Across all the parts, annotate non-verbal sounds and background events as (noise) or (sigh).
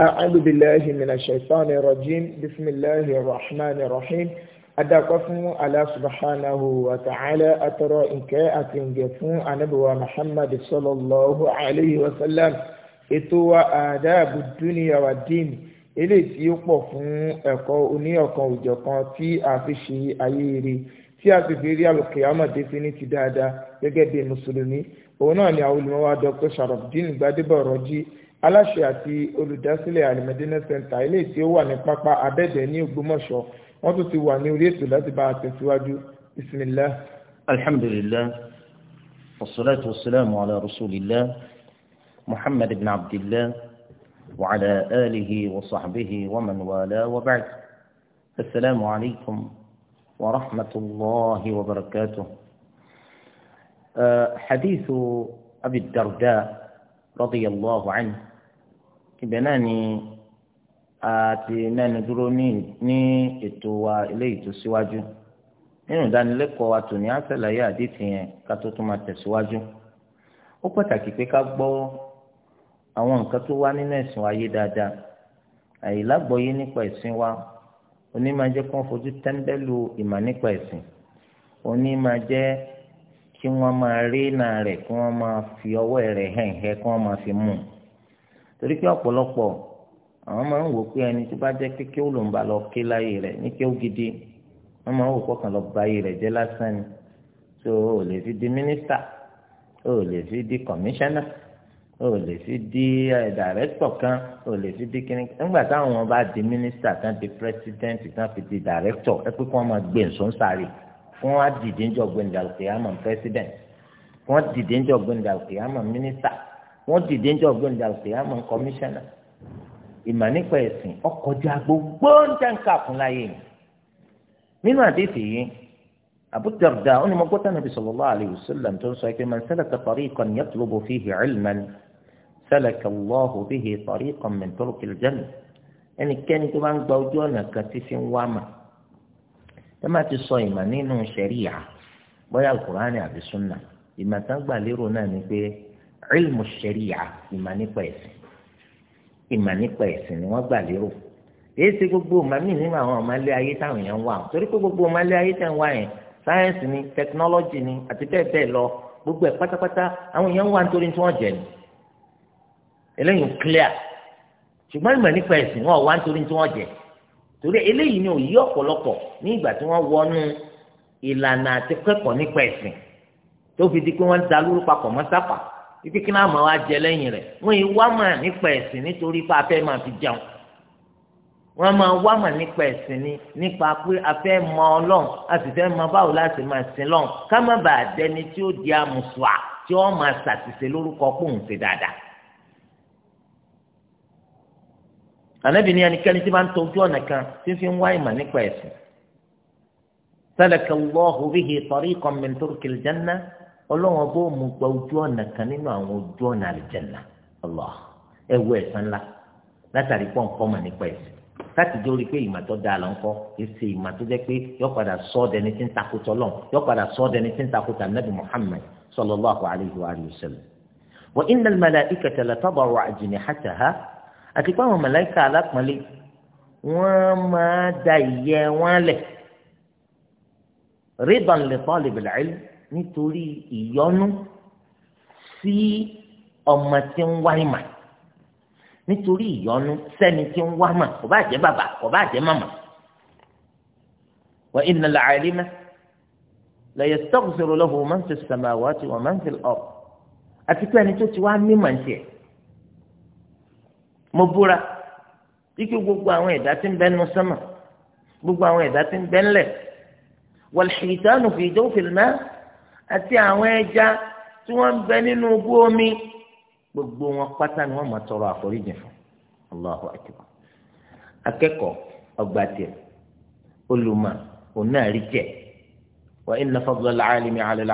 أعوذ بالله من الشيطان الرجيم بسم الله الرحمن الرحيم adakọ fún Allah subhanahu wa ta'ala atọrọ ìkẹ́ àti ìgẹ̀ fún anabiwa muhammad sallallahu alayhi wa sallam ètò wa àdáàbò dúnìyà wa dín ilé tí ó pọ̀ fún ẹ̀kọ́ oníọ̀kan òjọ̀kan tí a fi ṣe ayé rí tí a sì fi rí alùkìyàmọ̀ dé fi ní ti dáadáa gẹ́gẹ́ bí mùsùlùmí òun náà ni àwọn olùmọ̀wá dr sharafdin gbadebo rọjí aláṣẹ àti olùdásílẹ̀ alimẹdínà center ilé tí ó wà ní pápá abẹ́dẹ̀ ní ògbómọ̀ṣọ́ wọ́n tún ti wà ní orí ètò láti bá a tẹ̀síwájú bismillah. alhamdulillah wasalaatu wasalaamu ala rasulillah muhammad ibn abdillah wa ala alihi wa sahbihi wa man wala wa ba'd asalaamu wa rahmatulahi wa barakatuh. حديث أبي الدرداء رضي الله عنه كبناني àti mẹ́nu dúró ní ní ètò wa eléyìí tó síwájú nínú ìdánilẹ́kọ̀ọ́ wa tòní àṣàlàyé àdìtì yẹn gbọ́ àwọn nǹkan tó wá nínú ẹ̀sìn wa yé dáadáa àìlágbọ́yé nípa ẹ̀sìn wa oní máa jẹ́ fojú tẹ́ńbẹ́lú kí wọ́n máa rí iná rẹ̀ kí wọ́n máa fi ọwọ́ rẹ̀ hẹ̀hẹ̀ kí wọ́n máa fi mú un torí pé ọ̀pọ̀lọpọ̀ àwọn máa ń wò pé ẹni tó bá jẹ́ pé ó ló ń bá lọ ké láyé rẹ̀ ní kí ó gidi wọ́n máa ń wò kọ́kàn lọ ba ayé rẹ̀ jẹ́ lásán ni tó o lè fi di mínísítà o lè fi di kọ̀míṣánná o lè fi di dàrẹ́tọ̀ kan o lè fi di kíni nígbà táwọn bá di mínísítà tán di pírẹsidẹ́ǹtì tán fi di dàrẹ́tọ̀ ẹ pé kí wọ́n máa gbé nsọ́nsárì kí wọ́n á dìde ń jọ gbẹ̀ndà òkèèyàmọ̀ president kí wọ́n dìde ń jọ gbẹ̀ndà òkèèyàmọ̀ minister kí wọ́n dìde ń jọ gbẹ̀ndà òkèèyàmọ̀ commissioner ìmọ̀ nípa ẹ̀sìn ọkọjá gbogbo ń tẹ̀ka fún láyé yìí nínú àdéhìí yìí Abu Darda ó ní mo gbọ́dọ̀ nàbì sallallahu alayhi wa sallam tó ń sọ pé man salaka tariqan yatlubu fihi ilman salaka Allahu bihi tariqan min turuqil janna ẹnikẹ́ni tó bá ń gba ojú ọ̀nà kan tí fi ń wá mà tọmatị sọ ìmọ̀ nínú ṣẹ̀ríyà bóyá alukur'ani àbí sunna ìmọ̀ tán gbà lérò náà ni pé ilmu ìmọ̀ nípa ẹ̀sìn ìmọ̀ ni wọ́n gbà lérò èyí gbogbo màmí nínú àwọn ọmọlé ayé táwọn èèyàn wà torí gbogbo ọmọlé ayé tẹ̀ ń wá yẹn sáyẹ́nsì ni lọ gbogbo ẹ̀ pátápátá àwọn èèyàn wà nítorí tí wọ́n jẹ ni eléyìí clear ṣùgbọ́n ìmọ̀ nípa torí eléyìí ni ò yí ọ̀pọ̀lọpọ̀ ní ìgbà tí wọ́n wọnú ìlànà àti kẹ́kọ̀ọ́ nípa ẹ̀sìn tó fi di pé wọ́n ń da lóru papọ̀ mọ́ sápà ibi kí náà máa wá jẹ lẹ́yìn rẹ̀ wọ́n yìí wá mà nípa ẹ̀sìn nítorí pé afẹ́ máa fi jẹun wọ́n máa wá mà nípa ẹ̀sìn ni nípa pé afẹ́ mọ ọlọ́run a sì fẹ́ mọ báwo láti máa sin lọ́run ká má bàa dẹni tí ó di amùsùà tí wọ́n máa ṣàtìṣe lórúkọ pòun dáadáa ànábì ní ẹnikẹ́ni tí bá ń tọ́jú ọ̀nà kan tí fi ń wá ìmọ̀ nípa ẹ̀sìn salaka Allahu bihi tariqan min turukil janna ọlọ́wọ́n bó mú gba ojú ọ̀nà kan nínú àwọn ojú ọ̀nà àlìjẹ̀nà Allah ẹ wo ẹ̀sán ńlá látàrí pọ̀ nǹkan mọ̀ nípa ẹ̀sìn láti dórí pé ìmọ̀ tó dáa lọ ń kọ́ èsì ìmọ̀ tó jẹ́ pé yọ àti pé àwọn màláíkà alápọ̀nlé wọ́n máa da ìyẹ́ wọn lẹ̀ ridan li talibil ilm nítorí ìyọ́nú sí ọmọ tí ń wá ìmọ̀ nítorí ìyọ́nú sẹ́ni tí ń wá mà kò bá jẹ́ bàbá kò bá jẹ́ màmá wa innal alima la yastaghfiru lahu man fis samawati wa man fil ard àti pé ẹni tó ti wá mímọ̀ ní tiẹ̀ mo búra ike gbogbo àwọn ẹ̀dá tí ń bẹ nu sánmà gbogbo àwọn ẹ̀dá tí ń bẹ ńlẹ̀ wàlìṣìtánù fi ìjọ òfìlmá àti àwọn ẹja tí wọ́n ń bẹ nínú ogú omi gbogbo wọn pátá ni wọ́n máa tọrọ àforíjì fún Allahu akbar akẹ́kọ̀ọ́ ọgbà tiẹ̀ olùmọ̀ òun náà rí tiẹ̀ wa inna fadla al-alimi ala al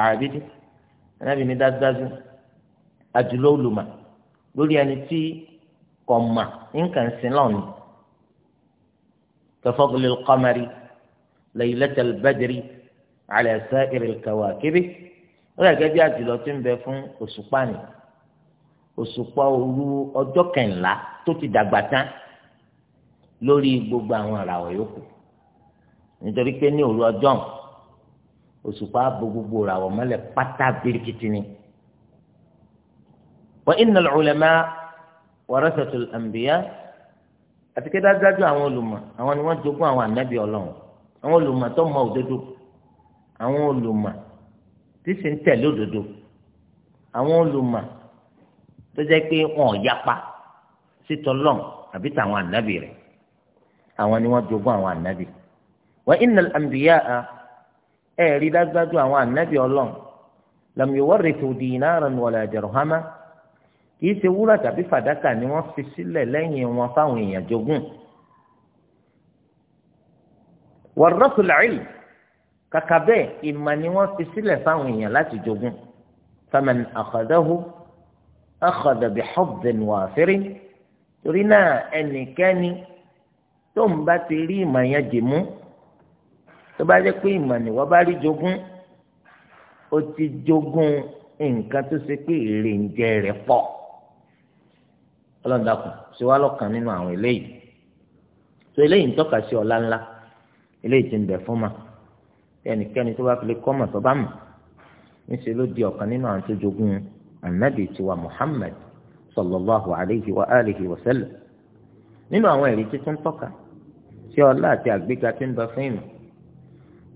dájúdájú àdúlọ́ olùmọ̀ lórí ẹni tí kọ̀mà nǹkan sinlọ́ọ̀nù kẹfọ́gìlì kọ́mẹ́rì lẹ́yìnlẹ́tẹ̀ bẹ́dẹ̀rì àlẹ́sẹ̀ ìrìlkẹwà kébé ó yẹ gẹ́gẹ́ bí àjùlọ tí ń bẹ fún òṣùpá ni òṣùpá òru ọjọ́ kẹ̀ńlá tó ti dàgbà tán lórí gbogbo àwọn àràwọ̀ yòókù nítorí pé ní òru ọjọ́ òṣùpá bo gbogbo ràwọ̀ mọ́lẹ̀ pátá birikiti ni. wa innal ulama warasatul anbiya àti kí dájúdájú àwọn olùmọ̀ àwọn ni wọ́n jogún àwọn ànábì Ọlọ́run àwọn olùmọ̀ tó mọ òdodo àwọn olùmọ̀ tí sì ń tẹ̀lé òdodo àwọn olùmọ̀ tó jẹ́ pé wọn ò yapa sí tọlọ́n àbí tàwọn ànábì rẹ̀ àwọn ni wọ́n jogún àwọn ànábì wa innal anbiya ẹ rí dájúdájú àwọn ànábì Ọlọ́run lam yuwarrithu dinaran wala dirhama kìí ṣe wúrà tàbí fàdákà ni wọ́n fi sílẹ̀ lẹ́yìn wọn fáwọn èèyàn jogún wàrọ́sùn làìl kàkà bẹ́ẹ̀ ìmọ̀ ni wọ́n fi sílẹ̀ fáwọn èèyàn láti jogún faman akhadahu akhadha bi hadhin wafirin torí náà ẹnikẹ́ni tó ń bá ti rí ìmọ̀ yẹn dì mú tó bá jẹ́ pé ìmọ̀ ni wọ́n bá rí jogún ó ti jogún nǹkan tó ṣe pé èrè rẹ̀ pọ̀ ọlọ́dàkùn ṣe wá lọ́kàn nínú àwọn eléyìí tó eléyìí ń tọ́ka sí ọlá ńlá eléyìí ti ń bẹ fún ma ẹnikẹ́ni tó bá fi lè kọ́ mọ̀ tó bá mọ̀ níṣẹ́ ló di ọ̀kan nínú àwọn tó jogún anabi tiwa Muhammad sallallahu alayhi wa alihi wa sallam nínú àwọn ẹ̀rí tí tún tọ́ka sí ọlá àti àgbéga tí ń bẹ fún ìmọ̀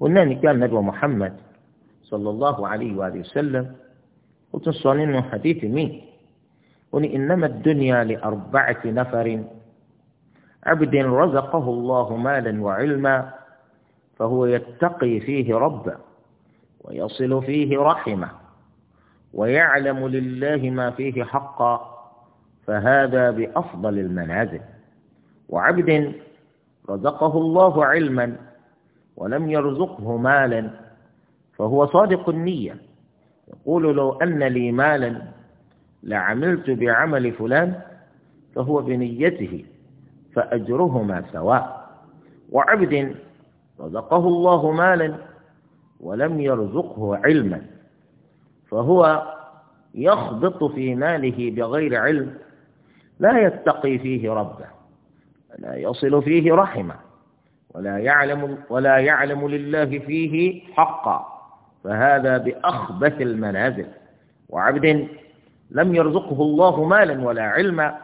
ó náà ní kí anabi Muhammad sallallahu alayhi wa sallam ó tún sọ nínú hadithi míì. قل إنما الدنيا لأربعة نفر عبد رزقه الله مالا وعلما فهو يتقي فيه ربه ويصل فيه رحمه ويعلم لله ما فيه حقا فهذا بأفضل المنازل وعبد رزقه الله علما ولم يرزقه مالا فهو صادق النية يقول لو أن لي مالا لعملت بعمل فلان فهو بنيته فأجرهما سواء وعبد رزقه الله مالا ولم يرزقه علما فهو يخبط في ماله بغير علم لا يتقي فيه ربه ولا يصل فيه رحمه ولا يعلم ولا يعلم لله فيه حقا فهذا بأخبث المنازل وعبد لم يرزقه الله مالا ولا علما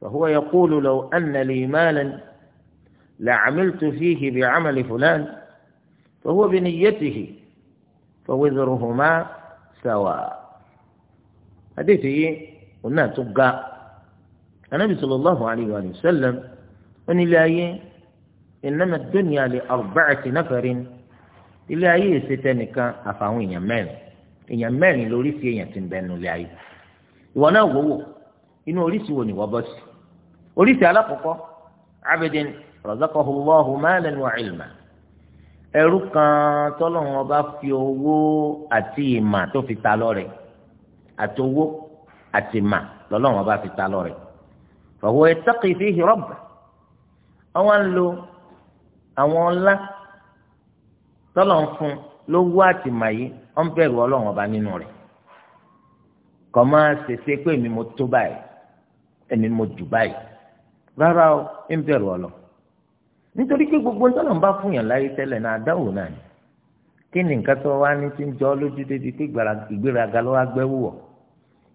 فهو يقول لو أن لي مالا لعملت فيه بعمل فلان فهو بنيته فوزرهما سواء حديثي قلنا تبقى النبي صلى الله عليه وآله وسلم أن لا إنما الدنيا لأربعة نفر أي ستنك أفاوين يمين èèyàn mẹ́rin lórí sí èèyàn ti ń bẹnu lé ayé ìwọ náà wò wò inú oríṣi wo ni wọ́n bọ́ sí oríṣi alákọ̀ọ́kọ́ abidin razaqahu Allahu malan wa ilma ẹrú kan tọ́lọ́run ọba fi owó àti ìmà tó fi ta lọ́rẹ àti owó àti ìmà lọ́lọ́run ọba fi ta lọ́rẹ fa huwa yattaqi fihi rabbahu àwọn ń lo àwọn ọlá tọ́lọ́run fún un ló wá àtìmáyé ó ń bẹ̀rù ọlọ́run ọba nínú rẹ̀ kọ́ máa ṣèṣe pé èmi mo tó báyìí èmi mo jù báyìí rárá o ń bẹ̀rù ọlọ́ nítorí pé gbogbo ń ń bá fún yàn láyé tẹ́lẹ̀ náà àdáwò náà ni kí ni nǹkan tó wá ní ti ń jọ lójú débi pé ìgbéraga ló wá gbẹ́wò wọ̀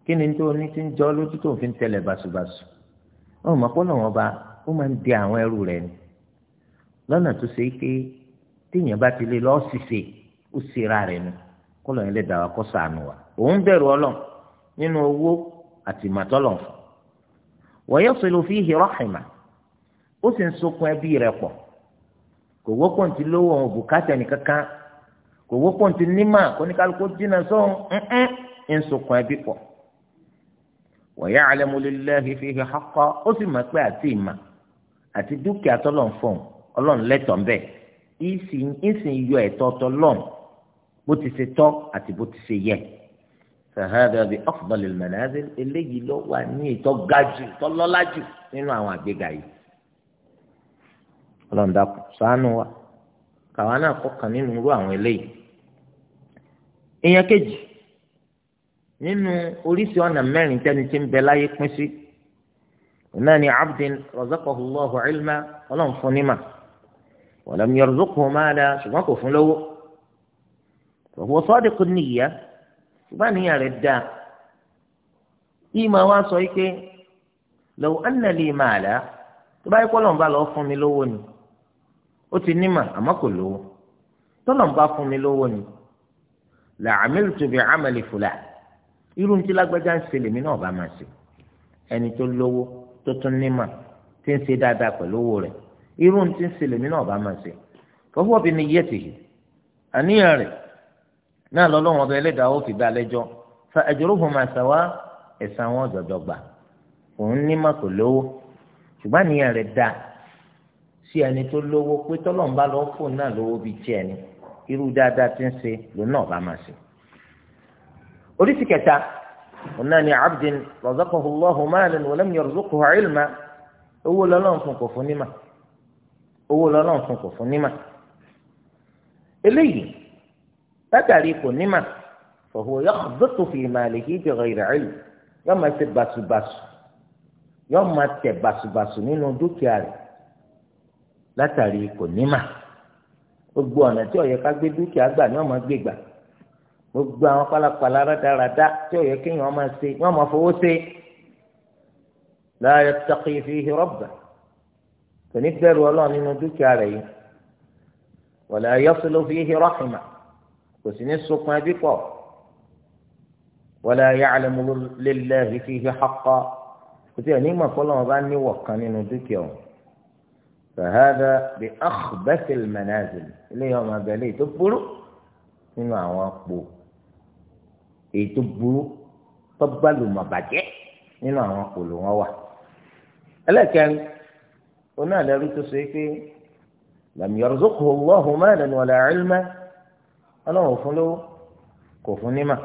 kí ni tó ní ti ń jọ lójú tó fi ń tẹ̀lẹ̀ basubasu ọ̀hún mọ̀ pọ́lọ̀ wọn ba ó máa ń di àwọn ẹrù rẹ̀ ni lọ́nà tó ṣe é pé téèyàn bá ti lé lọ́ọ́ ṣiṣẹ́ ó sera rẹ̀ nu kọlọ yẹn lè dà wá kó sànù wa òun bẹ̀rù Ọlọ́run nínú owó àti ìmọ̀tọ́lọ̀ fún wọ́n sọ̀rọ̀ fi hìrọ̀ àìmà ó sì ń sokun ẹbí rẹ̀ pọ̀ kò wọ́pọ̀ ntí lówó òun bùkátà kò nímà dínà sóhun ń sokun ẹbí pọ̀ ó sì mọ̀ pé àti ìmà àti dúkìá bó ti ṣe tọ́ àti bó ti ṣe yẹ fahadà bi afdalil manazil eléyìí ló wà ní ìtọ́ gajù tọ́lọ́lájù nínú àwọn àgbéga yìí ọlọ́ndàkù ṣàánú wa kàwa náà kọkàn nínú irú àwọn eléyìí èèyàn kejì nínú oríṣi ọ̀nà mẹ́rin tẹ́ni tí ń bẹ láyé pín sí náà ni abdin razaqahu Allahu ilma ọlọ́run fún kò fún lówó. فهو صادق النية ṣùgbọ́n àníyàn rẹ̀ dáa ìmọ̀ لو أن لي مالا تبا bá yẹ kọ́ lọ́nba lọ́ọ́ fún mi lówó ni ó ti ní mà àmọ́ kò lówó tó lọ́nba fún mi lówó ni la'amiltu bi'amali fulan irú ní ti lágbájá ń ṣe lèmi náà bá máa ṣe ẹni tó lówó tó tún ní mà tí ń ṣe dáadáa pẹ̀lú owó rẹ̀ irú ní ti ń ṣe lèmi náà bá máa ṣe fa huwa bi niyyatihi àníyàn rẹ̀ náà lọ́lọ́wọ́n bẹ ẹlẹ́dàá ó fi dá lẹ́jọ́ fa ajruhuma sawa ẹ̀san wọn jọjọ gbà òun ní má kò lówó ṣùgbọ́n àníyàn rẹ̀ dáa sí ẹni tó lówó pé tọ́lọ́mbà lọ́ọ́ fò náà lówó bíi tiẹ̀ ni irú dáadáa ti ń ṣe lòun náà bá máa ṣe. oríṣi kẹta òun náà ni abdin razaqahu Allahu malan wa lam yarzuqhu látàrí kò nímà fọwọ́ yakhbitu fi malihi bi ghayri ilm yóò máa ṣe basubasu yóò máa tẹ basubasu nínú dúkìá rẹ̀ látàrí kò nímà gbogbo ọ̀nà tí ó yẹ ká gbé dúkìá gbà ni wọ́n máa gbé gbà gbogbo àwọn pálapàla rádaràda tí ó yẹ kéèyàn máa ṣe wọ́n máa fowó ṣe la yattaqi fihi rabbah kò ní bẹ̀rù ọlọ́run nínú dúkìá rẹ̀ yìí wala yasilu fihi rahimah kò sì ní sokun ẹbí pọ̀ wọlé wala ya'lamu lillahi fihi haqqa kò sí ẹ̀ ní mọ̀ fọlọ́ wọn bá níwọ̀ kan nínú dúkìá o fàhádà bi akhbathil manazil eléyìí ọmọ abẹ́lé ètò burú nínú àwọn àpò ètò burú tó tọ́gbàlùmọ̀ bàjẹ́ nínú àwọn akpo ló wọ́n wà ẹlẹ́kẹ̀rin onáàlẹ́rú tó so é pé lam yarzuqhu Allahu malan wala ilman. ọlọ́run fún lówó kò fún nímà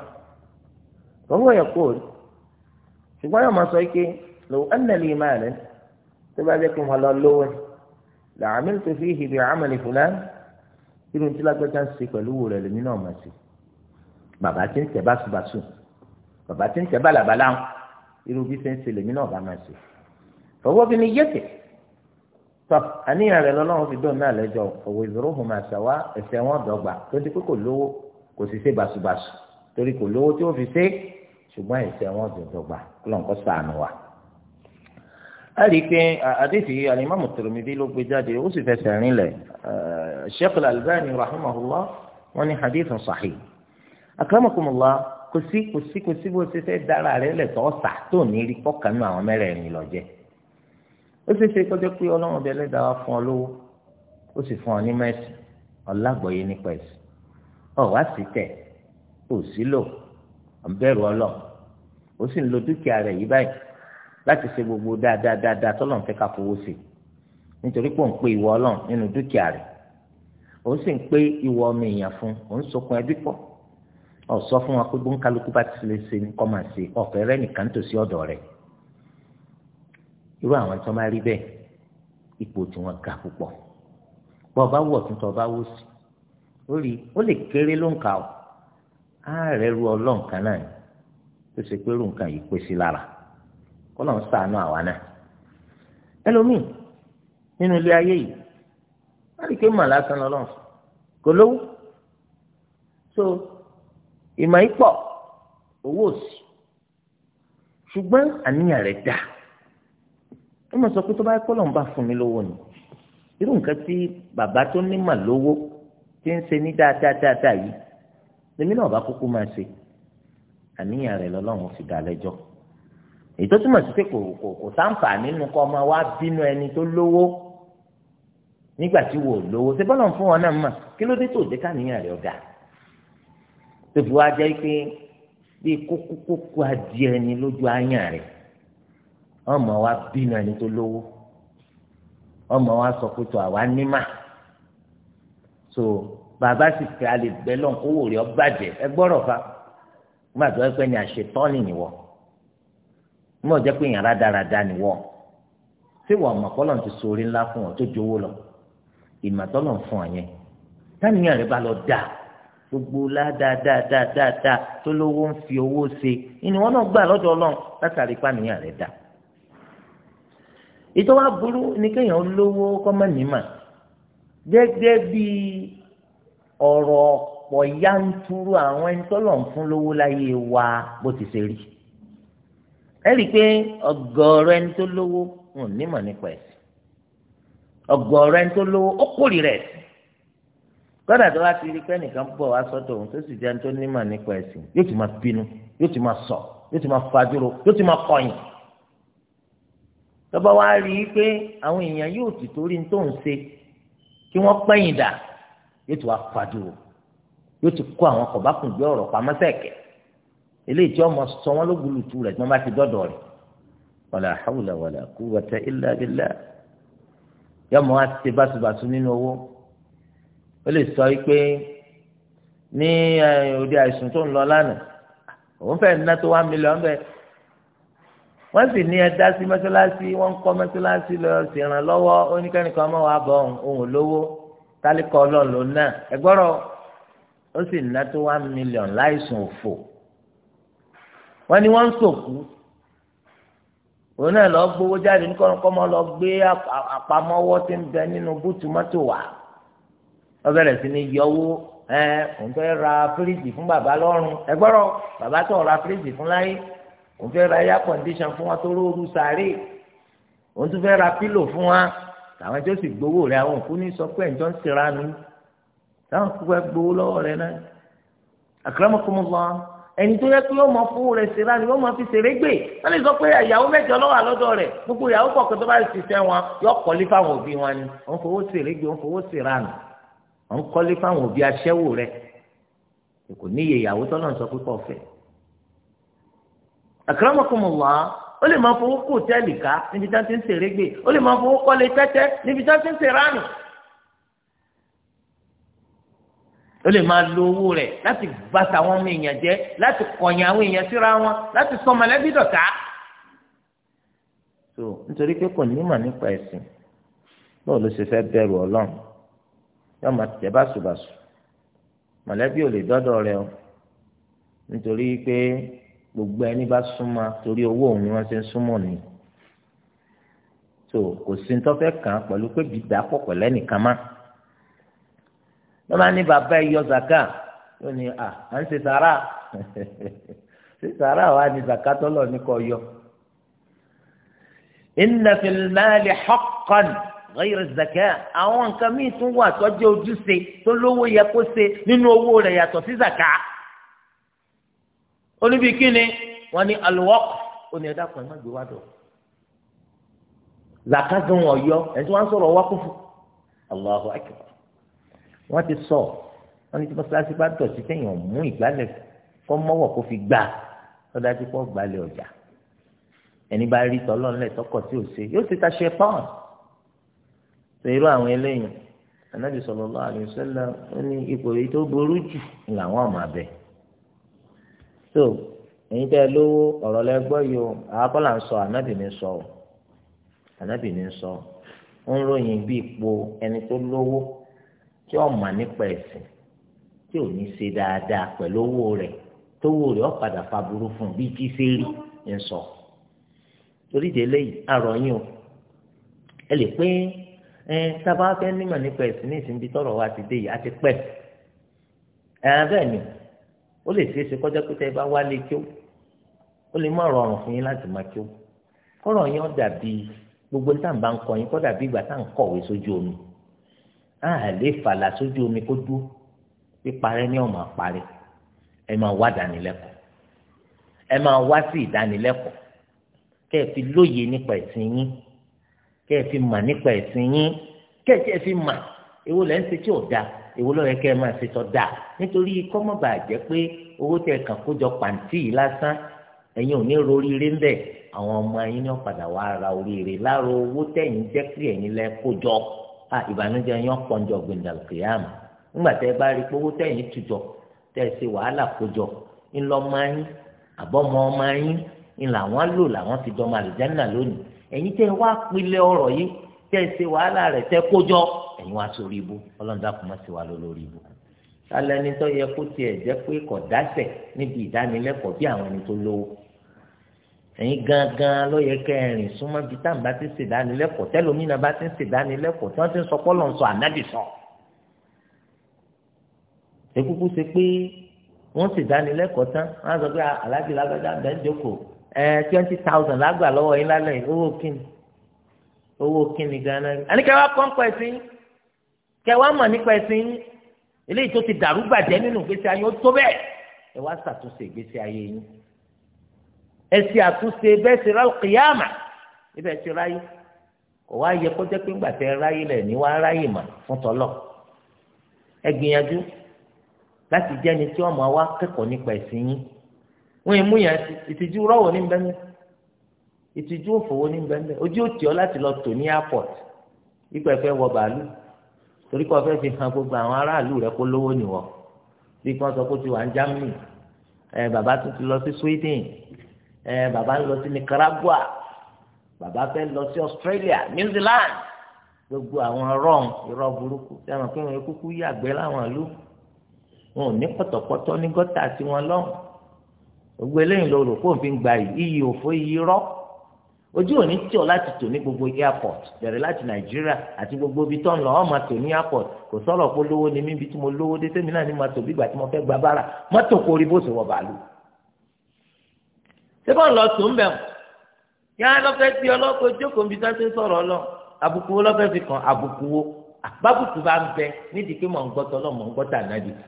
lọ́wọ́ yẹ kó o ṣùgbọ́n yóò máa sọ pé lò ánàlì máa rẹ tó bá jẹ́ kí wọ́n lọ lówó ni làámi tó fi hìbì àmàlì fúlàn irun tí lágbẹ́jà ń ṣe pẹ̀lú wò rẹ̀ lèmi náà máa ṣe bàbá tí ń tẹ̀ báṣubàṣu bàbá tí ń tẹ̀ bálàbálà irú bí ṣe ń ṣe lèmi náà bá máa ṣe fọwọ́ bí ni yẹ́tẹ̀ tọ́ àníyàn rẹ̀ lọ́lọ́run fi dùn náà lẹ́jọ́ òwò ìdúró hùmà ṣàwá ẹ̀sẹ̀ wọn dọ́gba tó ti pé kò lówó kò sì ṣe bàṣubàṣu torí kò lówó tí ó fi ṣe ṣùgbọ́n ẹ̀sẹ̀ wọn dùn dọ́gba lọ́nkọ́ sànù wa. a rí i pé àdéhì alimami Tirmidhi ló gbé jáde ó sì fẹsẹ̀ rinlẹ̀ Sheikh Al-Albani rahimahullah wọn ní hadith sahih akramakumullah kò sí kò sí kò sí bó ṣe fẹ́ dára rẹ̀ lẹ̀ tọ́ ọ̀sà tó ní rí kọ́kànnú àwọn mẹ́rẹ̀ẹ̀rin lọ ó ṣeé ṣe kọjá pé ọlọ́run ọbẹ̀ ẹlẹ́dàá wa fún ọ lówó ó sì fún ọ ní mẹ́sì ọ̀làgbọ̀yé nípa ẹ̀sìn ọ̀ wá sí tẹ̀ ò sí lò ọ̀ ń bẹ̀rù ọlọ́ ó sì ń lo dúkìá rẹ̀ yí báyìí láti ṣe gbogbo dáadáa dáadáa tọ́lọ́run fẹ́ ká fowó sí nítorí pé ò ń pe ìwọ ọlọ́run nínú dúkìá rẹ̀ ó sì ń pé ìwọ ọmọ èèyàn fún òun sokun ẹbí pọ̀ ọ̀ sọ fún wa pé bóńkálukú bá ti lè ṣe ní kọ́ máa ṣe ọ̀fẹ́ rẹ̀ nìkan tòsí ọ̀dọ̀ rẹ̀ irú àwọn tó máa rí bẹ́ẹ̀ ipò tí wọ́n ga púpọ̀ bọ́ ọba wọ̀ tún tọ́ ọba wò sí ó rí ó lè kéré ló ń kà ó ààrẹ ru ọlọ́run kan náà tó ṣe pé irú nǹkan yìí pèsè lára kó lọ́n sàánú àwa náà ẹlòmíì nínú ilé ayé yìí wọ́n rí pé màlá san lọ́lọ́run kò lówó so ìmọ̀ yìí pọ̀ owó òsì ṣùgbọ́n àníyàn rẹ̀ dáa wọ́n mọ̀ sọ pé tó bá kọ́ lọ́n bá fún mi lówó ni irú nǹkan tí bàbá tó ní mà lówó ti ń ṣe ní dáadáa dáadáa yìí lèmi náà bá kúkú máa ṣe àníyàn rẹ̀ lọ́lọ́run fi dà lẹ́jọ́ èyí tó túmọ̀ sí pé kò kò kò sáǹfà nínú kọ́ ọmọ wa bínú ẹni tó lówó nígbà tí wò lówó ṣe bọ́lọ̀ fún wọn náà mà kí ló dé tó dé káníyàn rẹ̀ ọ̀gá tó fi wá jẹ́ pé bí kókókókó adìẹ ni lójú àyàn rẹ̀ ọmọ wa bí náà ní tó lówó ọmọ wa sọ pé tó àwa nímà so bàbá sì fẹ́ alẹ́ bẹ́ lọ́n kówó rẹ̀ ẹ gbọ́rọ̀ fa gbàdúrà pé ní àṣetọ́ni nìwọ mọ̀ jẹ́ pé yàrá dáradára nìwọ tí wọ́n mọ̀ kọ́lọ̀ ti sori ńlá fún ọ tó jowó lọ ìmọ̀tọ́lọ̀ fún ọ yẹn táníyàn rẹ bá lọ dáa gbogbo ládáadáadáa tó lówó ń fi owó ṣe ìníwọ́n náà gbà lọ́dọ̀ ọlọ́run látàrí pàníyàn rẹ dáa ètò wa burú ni kéèyàn lówó kọ́mọ̀nìmọ̀ gẹ́gẹ́ bí ọ̀rọ̀ ọ̀pọ̀ yanturu àwọn ẹni tọ́lọ̀ ń fún lówó láyé wa bó ti ṣe rí ẹ rí i pé ọ̀gọ̀ọ̀rọ̀ ẹni tó lówó ń nímọ̀ nípa ẹ̀sìn ọ̀gọ̀ọ̀rọ̀ ẹni tó lówó ó kórìíra ẹ̀sìn kọ́dà tó bá ti rí pé ẹnìkan bọ̀ wá sọ́dọ̀ òun tó sì jẹ́ ẹni tó nímọ̀ nípa ẹ̀sìn yóò ti máa bínú yóò ti máa sọ yóò ti máa fajúro yóò ti máa kọ̀yìn tọ́ba wa rí i pé àwọn èèyàn yóò ti torí tó ń ṣe kí wọ́n pẹ́yìn dà yóò ti wá fàdúrò yóò ti kó àwọn kọ̀bákùn ọ̀rọ̀ pamọ́ sẹ́ẹ̀kẹ́ eléyìí tí ọmọ sọ wọn lógùlùtù rẹ̀ tí wọ́n bá ti dọ́dọ̀ rẹ̀ wàlà hàwùlà wàlà quwwata illa billah yọmọ wa ti báṣubàṣu nínú owó ó lè sọ pé ní eh, òde àìsùn tó ń lọ lánàá òun fẹ́ẹ́ ná tó wá mílíọ̀nù bẹ́ẹ̀ wọ́n sì ní ẹ̀dá sí mọ́sálásí wọ́n ń kọ́ mọ́sálásí lọ ṣèrànlọ́wọ́ oníkẹ́nìkan ọmọ wa bọ̀ ohun olówó tálíkọ́ ọlọ́ọ̀lọ́ náà ẹgbọ́rọ̀ ó sì ná tó one million láìsùn òfò wọ́n ní wọ́n ń sòkú òun náà lọ gbowó jáde ní kọ́mọ lọ gbé àpamọ́wọ́ tí ń bẹ nínú búùtù mọ́tò wá wọ́n bẹ̀rẹ̀ sí ní yọwó ẹ̀ òun fẹ́ ra fíríjì fún bàbá lọ́rùn ẹgbọ́rọ̀ bàbá tó ra fíríjì fún láyé òun fẹ́ ra air condition fún wa tó róoru sáré òun tún fẹ́ ra pílò fún wa àwọn tó sì gbowó rẹ àwọn òkú ní sọ pé ẹ̀jọ́ ń sèrà nù táwọn kúkú ẹ gbowó lọ́wọ́ rẹ náà akramakumullah ẹni tó yẹ kí yóò mọ fún rẹ sèrà ni yóò mọ fi sèrè gbè wọn lè sọ pé ìyàwó mẹ́jọ lọ́wọ́ àlọ́dọ̀ rẹ gbogbo ìyàwó kọ̀ọ̀kan tó bá ti fẹ́ wọn yọ kọ́lé fáwọn òbí wọn ni òun fowó sèrè gbè òun fowó sèrà nù òun kọ́lé fáwọn òbí aṣẹ́wó rẹ kò níye ìyàwó tọ́lọ́ akramakumullah ó lè máa fowó kó tẹ́lì ká níbi tí wọ́n ti ń ṣeré gbé ó lè máa fowó kọ́lé tẹ́tẹ́ níbi tí wọ́n ti ń ṣeré àná. ó lè máa lo owó rẹ̀ láti bá tàwọn ọmọ èèyàn jẹ́ láti kọ̀yìn àwọn èèyàn síra wọn láti sọ mọ̀lẹ́bí dọ̀tá. so nítorí pé kò nímọ̀ nípa ẹ̀sìn báwo ló ṣe fẹ́ bẹ̀rù ọlọ́run yóò máa tẹ̀ báṣubàṣu mọ̀lẹ́bí ò lè dọ́dọ̀ rẹ o nítorí pé gbogbo ẹni bá súnmọ́ torí owó òun ni wọ́n ṣe ń súnmọ́ ni tó kò sí ní tọ́fẹ́ kàn án pẹ̀lú pé bí dàá pọ̀ pẹ̀lú ẹnìkan má lọ́ba ní bàbá ẹ yọ zaka ó ní à à ń ṣe sàrà (laughs) ṣe sàrà wa ni zaka tọ́lọ̀ ní kò yọ. inna fil mali haqqan zaka àwọn nǹkan míì tún wà tọ́jú ojúṣe tó lówó yẹ kó ṣe nínú owó rẹ̀ yàtọ̀ sí zaka oníbi kíni wọ́n ní alùwọ́kù ó ní ẹ̀dá kan má gbé wá dọ̀ zakadun ọyọ ẹtí wọ́n sọ̀rọ̀ wá kúfù Allahu akbar wọ́n ti sọ wọ́n ní tí mọ́sálásí bá dọ̀tí téèyàn mú ìgbálẹ̀ kọ́ mọ́wọ́ kó fi gbà lọ́dá tí kò gbalẹ̀ ọjà ẹni bá rí tọ́lọ́ ńlẹ̀ tọkọ̀ tí ò ṣe yóò ti ta ṣe pọ́n ṣe irú àwọn eléyìí Ànábì sallallahu alaihi wasallam ó ní ipò èyí tó burú jù làwọn ọmọ abẹ́ẹ́ so èyí tẹ́ lówó ọ̀rọ̀ lẹ́gbọ́ yìí o àákọ́là ń sọ ànábì ní sọ o ànábì ní sọ ń ròyìn bí ipò ẹni tó lówó tí ó mà nípa ẹ̀sìn tí ò ní ṣe dáadáa pẹ̀lú owó rẹ̀ rẹ̀ padà fa burú fún un bí kí ṣe rí ń sọ torí délé yìí o ẹ lè pé ẹ fẹ́ nímọ̀ nípa ní ó lè ṣeé ṣe kọjá pé tẹ́ ẹ bá wálé kí ó ó lè má rọrùn fún yín láti máa kí ó kọ́rọ̀ yín ó dàbí gbogbo ní tàǹbà ń kọ yín kọ́ dàbí ìgbà tá à ń kọ̀wé sójú omi á lè fàlà sójú omi kó dúró píparẹ́ ní ọ̀mà parẹ́ ẹ máa wá dánilẹ́kọ̀ọ́ ẹ máa wá sí ìdánilẹ́kọ̀ọ́ kẹ́ ẹ fi lóye nípa ẹ̀sìn yín kẹ́ ẹ fi mà nípa ẹ̀sìn yín kẹ́ ẹ fi mà èwo lẹ́ ń ṣe tí ò dáa èwo ló yẹ kẹ́ ẹ máa ṣe tọ́ da nítorí kọ́mọ́bà jẹ́ pé owó tẹ kàn kójọ pàǹtì lásán ẹ̀yin ò ní roríire ńbẹ̀ àwọn ọmọ yín ní ọ̀padà wà á ra oríire láàrọ̀ owó tẹ̀yìn jẹ́ pé ẹ̀yin lẹ kójọ ìbànújẹ́ yín ọ̀pọ̀njọ́ gbẹ̀ndàlùkìyàmù ńgbà tẹ́ bá rí pé owó tẹ̀yìn tùjọ tẹ́ ẹ ṣe wàhálà kójọ ńlọ́mọ yín àbọ̀mọ ọmọ tẹ́ ẹ ṣe wàhálà rẹ̀ tẹ́ kójọ ẹ̀yin wá sórí ibu ọlọ́run dàkú má ṣe wà lórí ibu alẹ́ ní tó yẹ kó tiẹ̀ jẹ́ pé kọ̀ dásẹ̀ níbi ìdánilẹ́kọ̀ọ́ bí àwọn ẹni tó lówó ẹ̀yin gangan ló yẹ kẹrin súnmọ́ bíi táwọn bá ti ń ṣèdánilẹ́kọ̀ọ́ tẹ́lómìnà bá ti ń ṣèdánilẹ́kọ̀ọ́ tí wọ́n ti ń sọ pọ́lọ̀ ń sọ ànábì sọ. ekuku ṣe pé wọ́n ṣèdánilẹ́kọ̀ọ́ tán wọ́n á sọ pé aláàbí lágbájá bẹ́ẹ̀ jókòó ẹ̀ twenty thousand lágbà lọ́wọ́ yín lálẹ́ owó kíni owó kíni gánà rí àní kẹwàá kọ́ nípa ẹ̀sìn kẹwàá mọ̀ nípa ẹ̀sìn eléyìí tó ti dàrú gbàjẹ́ nínú ìgbésí ayé ó tó bẹ́ẹ̀ ẹ wá ṣàtúnṣe ìgbésí ayé yín ẹ ṣe àtúnṣe bẹ́ẹ̀ ṣe rà kìyàmà ibẹ̀ ṣe ráyé kò wá yẹ kó jẹ́ pé ńgbà tẹ ráyé lẹ̀ ní wá ráyè mà fún tọ́lọ̀ ẹ gbìyànjú láti jẹ́ni tí ọmọ wa kẹ́kọ̀ọ́ nípa ẹ̀sìn yín wọ́n ì mú yàn ìtìjú rọ́wọ́ ní bẹ́ẹ̀ ìtìjú òfòwò ní bẹ́ẹ̀ ojú òtì ọ láti lọ tò ní airport ipò ẹ̀fẹ́ wọ bàálù torí kò fẹ́ fi hàn gbogbo àwọn aráàlú rẹ kó lówó nìwọ bí wọ́n sọ pé ó ti wà ní Germany ẹ bàbá tún ti lọ sí Sweden ẹ bàbá ń lọ sí Nicaragua bàbá fẹ́ lọ sí Australia New Zealand gbogbo àwọn rọ́ọ̀n irọ́ burúkú tí a mọ̀ pé wọ́n kúkú yàgbẹ́ láwọn ìlú wọn ò ní pọ̀tọ̀pọ̀tọ̀ ní gọ́tà tiwọn lọ́hùn gbogbo eléyìí ló rò kó n fi gba iyì òfò iyì rọ́ọ̀ ojú òní tí ọ láti tò ní gbogbo airport bẹ̀rẹ̀ láti nàìjíríà àti gbogbo ibi tó ń lọ ọmọ tò ní airport kò sọ̀rọ̀ pé lówó ni mí ibi tí mo lówó dé sẹ́mi náà ni mo tò bí ìgbà tí mo fẹ́ gba bára mọ́tò kórì bó ṣe wọ bàálù. ṣé bọ́ọ̀ lọ tó ń bẹ̀ wọ́n yá lọ́fẹ́ gbé ọlọ́kọ̀ jókòó níbi tá a ṣe sọ̀rọ̀ lọ àbùkù wo lọ́fẹ́ fi kàn àbùkù wo bábùkù bá ń bẹ nídìí pé mò ń di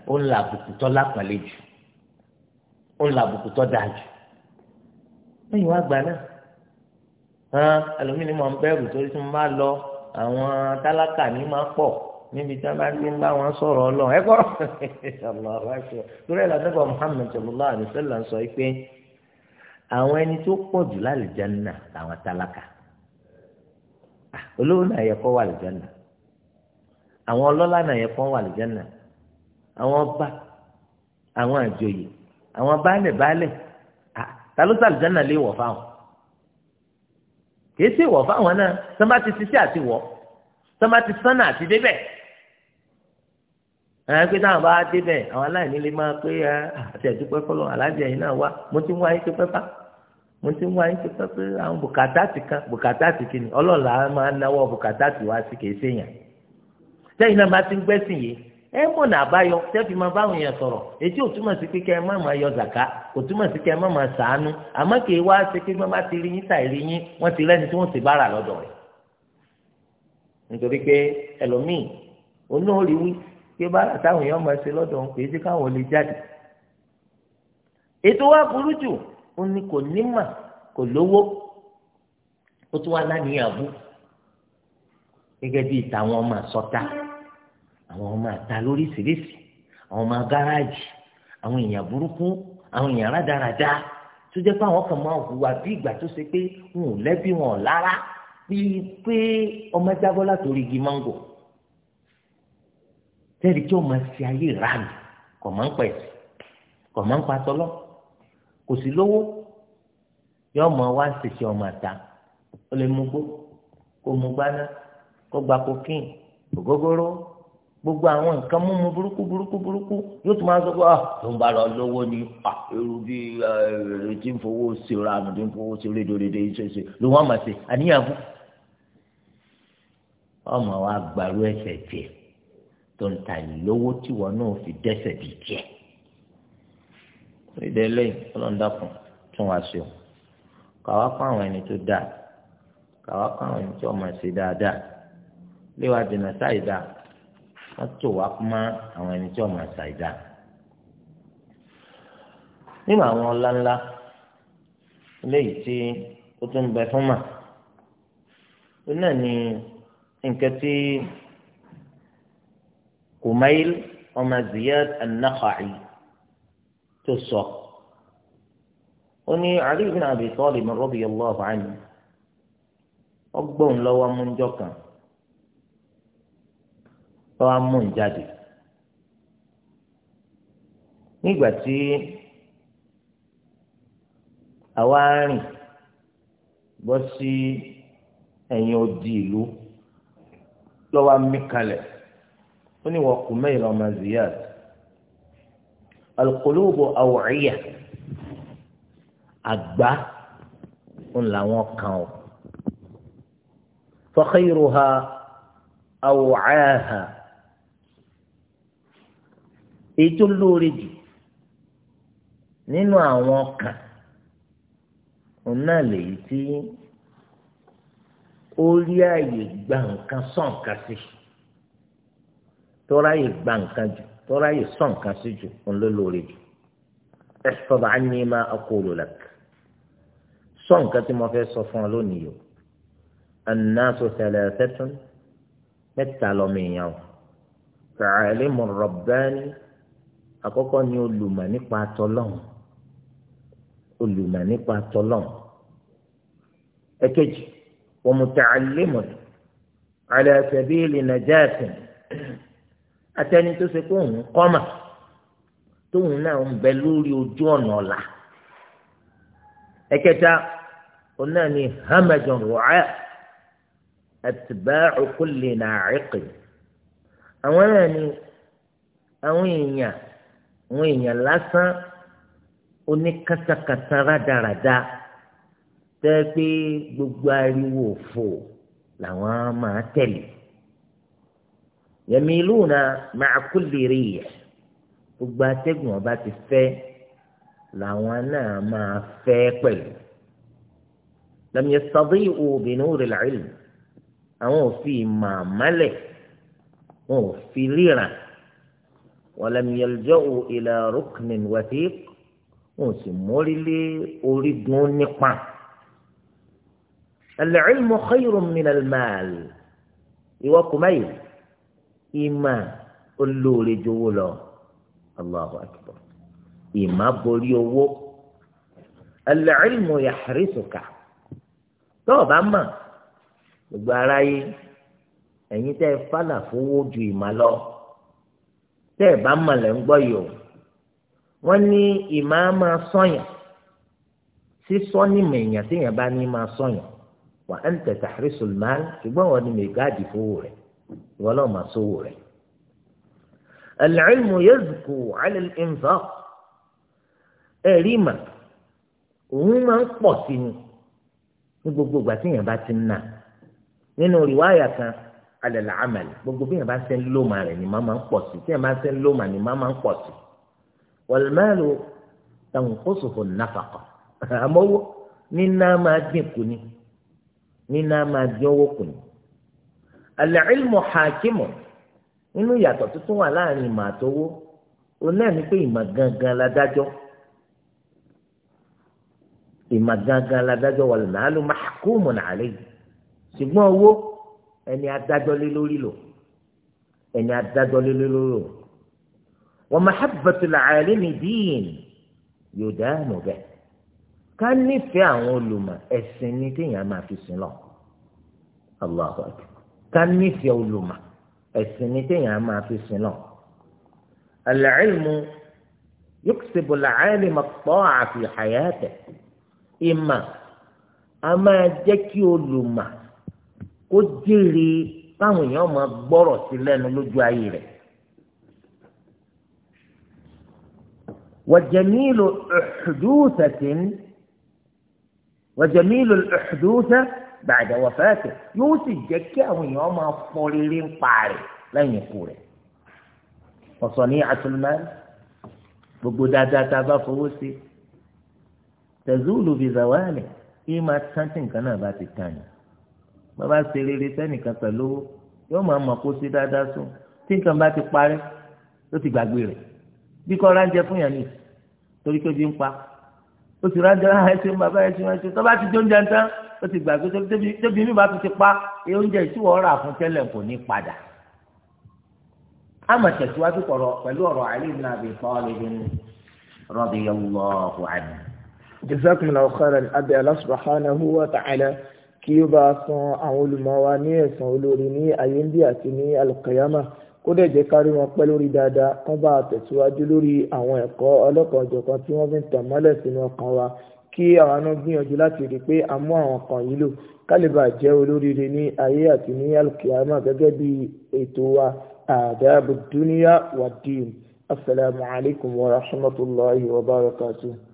ó ń la àbùkù tọ́ lápàlẹ́ jù ó ń la àbùkù tọ́ dáa hàn ẹlòmíì mọ̀ ń bẹ̀rù torí tí mo bá lọ àwọn tálákà ní máa pọ̀ níbi tí wọ́n bá ti ń bá wọn sọ̀rọ̀ ọlọ́run ẹ gbọ́rọ̀ ṣàlọ́ àbáṣọ torí ẹ̀la nípa Muhammad sallallahu alaihi wasallam sọ pé àwọn ẹni tó pọ̀ jù lálùjánnà làwọn tálákà ah, olówó náà yẹ kó wà lùjánnà àwọn ọlọ́lá náà yẹ kó wà lùjánnà àwọn ọba àwọn àjòyè àwọn baálẹ̀ baálẹ̀ ah, ta ló sàlùjánnà lè wọ̀ fáwọn kìí ṣe wọ̀ fáwọn náà sọmba ti ṣiṣẹ́ àti wọ sọmba ti sánà àti débẹ̀ ẹ pé táwọn bá àwọn aláìní lè máa pé ẹ àti ẹ̀dúpẹ́ fọlọ́ aláàjì wa náà wá mo ti ń wá yín mo ti ń kan bùkátà ti kìnnì ọlọ́ọ̀la máa ń náwó bùkátà ti wá sí sẹ́yìn náà bá ti ẹ mọ̀ nà àbáyọ tẹ́fì máa báwọn èèyàn sọ̀rọ̀ ètí ò túmọ̀ sí pé kẹ́ ẹ má máa yọ zàká kò túmọ̀ sí kẹ́ ẹ má máa sàánú àmọ́ kì í wá ṣe pé ti rí yín tàì rí yín wọ́n ti rẹ́ni tí wọ́n ti bára lọ́dọ̀ rẹ̀. nítorí pé ẹlòmíì onóòrí wí pé bára táwọn èèyàn máa ṣe lọ́dọ̀ kì í ṣe káwọn lè jáde. ètò wa burú jù ó ní kò kò lówó ó tún wá láníyàwó àwọn ọmọ àta lóríṣiríṣi àwọn ọmọ gáràjì àwọn èèyàn burúkú àwọn èèyàn rádaràda tó jẹ́ pé àwọn kan máa hùwà bí ìgbà tó ṣe pé wọn ò lẹ́bí wọn ò lára bíi pé ọmọ jábọ́ látòrí igi máńgò tẹ́lẹ̀ kí ọmọ ṣe ayé ìranù kọ̀ máa ń pẹ̀ sí kọ̀ máa ń pa tọ́lọ́ kò sí lówó yọ ọmọ wa ń ṣèṣe ọmọ àta ó lè mú gbó kó mú gbaná kó gba kokéènì ògógóró gbogbo àwọn nǹkan mímu burúkú burúkú burúkú yóò tún máa sọ pé ah tó ń bá lọ lówó ni ah irú bí ẹ eh, ti ń fowó ṣe ra àmì tí ń fowó ṣe rédòrédè ṣeṣe ló wọn mà ṣe àníyàn fún. ọmọ wa gbàrú ẹsẹ̀ tiẹ̀ tó ń ta ìlówó tí wọn náà fi dẹ́ṣẹ̀ bíi tiẹ̀. ìdè lẹ́yìn ọlọ́ńdàkùn tún wá sí o kàwá kọ́ àwọn ẹni tó dáa kàwá kọ́ àwọn ẹni tó ọmọ ṣe dáadáa léwájú náà sáì dáa ká tó wá kúmá àwọn ẹni tí wọn máa ṣàìdá nínú àwọn ọláńlá léyìí tí ó tún bẹ fún mà ó náà ní nǹkan tí Kumail ọmọ Ziyad an tó sọ ó ní Ali ibn Abi Talib radiyallahu anhu ọgbọ́n lọ́wọ́ múnjọ́ tó wá mú un jáde nígbà tí àwa rìn bọ́ sí ẹ̀yìn odi ìlú lọ́wọ́ mí kalẹ̀ ó ní wọ́n kú mẹ́rin ọmọ ziyad alukólóbó awọ̀ọ́yà àgbá ń làwọn kan o fọ́kẹ́yìrò ha awọ̀ọ́yà ha èyí tó lóore jù nínú àwọn ọkàn òun náà lèyí tí ó rí àyè gba nǹkan sọ nǹkan sí tọ́ra yè gba nǹkan jù tọ́ra yè sọ sí jù òun ló lóore jù ihfaz anni ma aqulu lak sọ tí mo fẹ́ sọ fún ọ lónìí o annasu thalathatun mẹ́ta lọ́mọ èèyàn o fa'alimu rabbani àkọ́kọ́ ni olùmọ̀ nípa tọlọ́hun olùmọ̀ nípa tọlọ́hun ẹ̀kejì wa muta'allimun ala sabili najatin atẹni tó ṣe pé òun kọ́mà tóun náà ń bẹ lórí ojú ọ̀nà ọ̀la ẹ̀kẹta òun náà ni hamajun ru'a atba'u kulli na'iqin àwọn náà ni àwọn èèyàn àwọn èèyàn lásán oníkatakata rádaràda tẹ́ pé gbogbo ariwo òfò làwọn máa tẹ̀lé yamiluna ma'a kulli riyah gbogbo atẹ́gùn ọba ti fẹ́ làwọn náà máa fẹ́ pẹ̀lú lam yastadi'u bi nuril ilm àwọn ò fi màmálẹ̀ wọn ò fi ríran. ولم يلجأوا إلى ركن وثيق وسمولي أريدون نقمة العلم خير من المال يوكمي إما اللولي جوله الله أكبر إما بوليو العلم يحرسك طب أما gbogbo ara yìí ẹ̀yin tẹ́ ẹ tẹ́ ẹ̀ bá mọ̀ lẹ́ ń gbọ́ yìí o wọ́n ní ìmáàmá sọ̀yàn sísọ ní mẹ̀yàn téèyàn bá ní máa sọ̀yàn wà á ń tẹ̀tà àrísùlmáàlì ṣùgbọ́n wọn ni mẹ̀gáàdì fowó rẹ̀ ìwọ náà máa sówó rẹ̀. العلم يزكو على الإنفاق ẹ̀rí mà òun máa ń pọ̀ sí ni alẹ́lẹ́ àmàlẹ́ gbogbo bí yẹn bá ṣe ń lóma rẹ̀ ni máa máa ń pọ̀ sí tí yẹn bá ṣe ń lóma ni máa máa ń pọ̀ sí wàlúmọ́lù tankososo nàfàkọ́ àmọ́wó níná máa dín kù ni níná máa dín owó kù ni alẹ́ ìlmù hakimu nínú ìyàtọ̀ tuntun wà láàrin ìmọ̀ àtọwó òun náà ni pé ìmọ̀ gangan ládájọ́ ìmọ̀ gangan ládájọ́ wàlúmọ́lù mahkumun alayhi ṣùgbọ́n owó ẹni adájọ́ lé lórí lò ẹni adájọ́ lé lórí lò wa mahabbatul alimi din yudanu bẹ ká nífẹ̀ẹ́ àwọn olùmọ̀ ẹ̀sìn ní téèyàn máa fi sin lọ Allahu akbar ká nífẹ̀ẹ́ olùmọ̀ ẹ̀sìn ní téèyàn máa fi sin lọ al-ilmu yuksibu al-alima at-ta'a fi hayatihi ìmọ̀ kó jèrè báwọn èèyàn máa gbọ́rọ̀ sí lẹ́nu lójú ayé rẹ̀. وجميل الحدوثة وجميل الحدوثة بعد وفاته yóò sì jẹ́ kí àwọn èèyàn máa fọ rere ń pa rẹ̀ lẹ́yìn ikú rẹ̀ ọ̀sán ní àtúnmáì gbogbo dáadáa tá a bá fowó sí tẹ̀zúlù bìzàwálẹ̀ kí máa tán tí nǹkan náà bá ti tán yìí bàbá ṣe rere sẹ́nìkan pẹ̀lú owó yóò máa mọ̀ kó sí dáadáa sùn tí nǹkan bá ti parí ló ti gbàgbé rẹ̀ bí kò ránjẹ fún yàn ní torí pé bí ń pa ó sì ránjẹ ah, ẹsẹ̀ bàbá ẹsẹ̀ ẹsẹ̀ tó bá ti jó oúnjẹ tán ó ti gbàgbé débi mi bá tún ti pa e oúnjẹ ìṣúwọ́ rà fún tẹ́lẹ̀ kò ní padà ama tẹ̀síwájú kọ̀rọ̀ pẹ̀lú ọ̀rọ̀ Ali ibn Abi kí ó bá san àwọn olùmọ̀ wa ní ẹ̀san olóore ní ayé ń bí àti ní alùkàyámà kó dẹ̀ jẹ́ kárí wọn pẹ́ lórí dáadáa kán bá tẹ̀síwájú lórí àwọn ẹ̀kọ́ ọlọ́kanòjọ̀kan tí wọ́n fi ń tàn mọ́lẹ̀ sínú ọkàn wa kí àwọn náà gbìyànjú láti rí i pé a mú àwọn kan yìí lò kálíbà jẹ́ olóríire ní ayé àti ní alùkìyàmà gẹ́gẹ́ bí ètò wa àdáàbò dúníyà wà dìín asalaamualeykum wa rahmatulahi wa barakatuh.